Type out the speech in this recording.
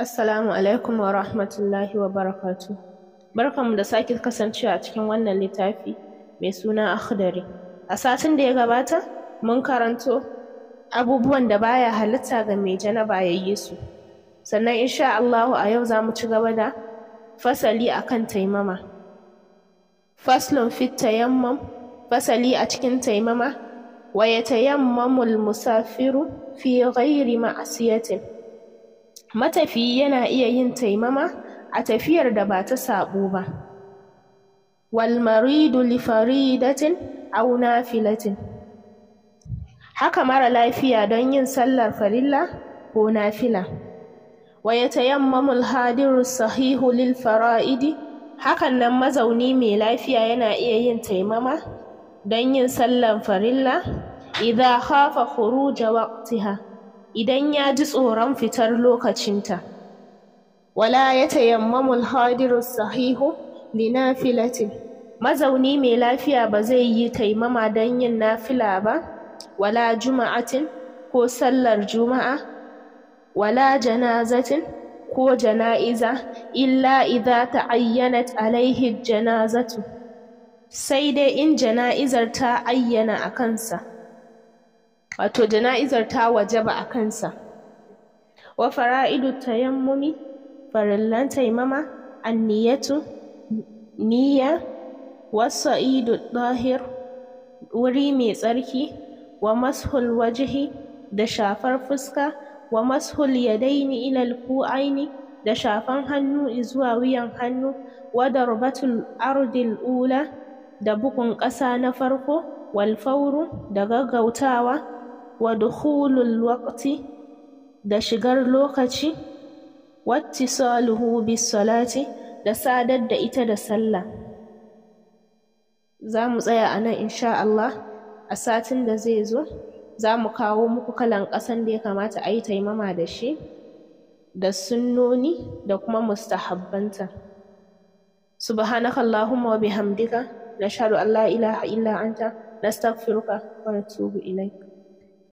Assalamu alaikum wa rahmatullahi wa barakatu. mu da sake kasancewa a cikin wannan littafi mai suna akhdari. A satin da ya gabata, mun karanto abubuwan da baya halitta ga mai janaba ya yi su. Sannan insha Allahu a yau za mu ci gaba da fasali a kan taimama. Faslun fit tayammam, fasali a cikin taimama, wa tayammamul musafiru fi ghairi ma'asiyatin. Matafiyi yana iya yin taimama a tafiyar da ba ta saɓo ba. walmaridu li faridatin aw nafilatin. Haka mara lafiya don yin sallar farilla ko nafila. Wa yatayammamu al sahihu lil fara'idi hakan nan mazauni mai lafiya yana iya yin taimama don yin sallar farilla idza khafa khuruja waqtiha. idan ya ji tsoron fitar lokacinta wala ya tayammamu alhadiru sahihu linafilatin mazauni mai lafiya ba zai yi taimama don yin nafila ba wala juma'atin ko sallar juma'a wala janazatin ko jana'iza illa idza ta'ayyanat alaihi janazatu sai dai in jana'izar ta ayyana a kansa wato jana'izar ta wajaba a kansa wa fara'idu tayammumi farillan taimama anniyatu niyya wasa'idu dahir wuri mai tsarki wa mashul wajihi da shafar fuska wa mashul yadaini ilal ku'aini da shafan hannu zuwa wuyan hannu wa darbatul ardil ula da bugun ƙasa na farko walfauru da gaggautawa wa dukhulul da shigar lokaci wattisaluhu bis salati da sadar da ita da sallah za mu tsaya a nan insha Allah a satin da zai zo za mu kawo muku kalan ƙasan da ya kamata a yi taimama da shi da sunnoni da kuma mustahabbanta subhanakallahumma wa bihamdika nashhadu an la ilaha illa anta nastaghfiruka wa natubu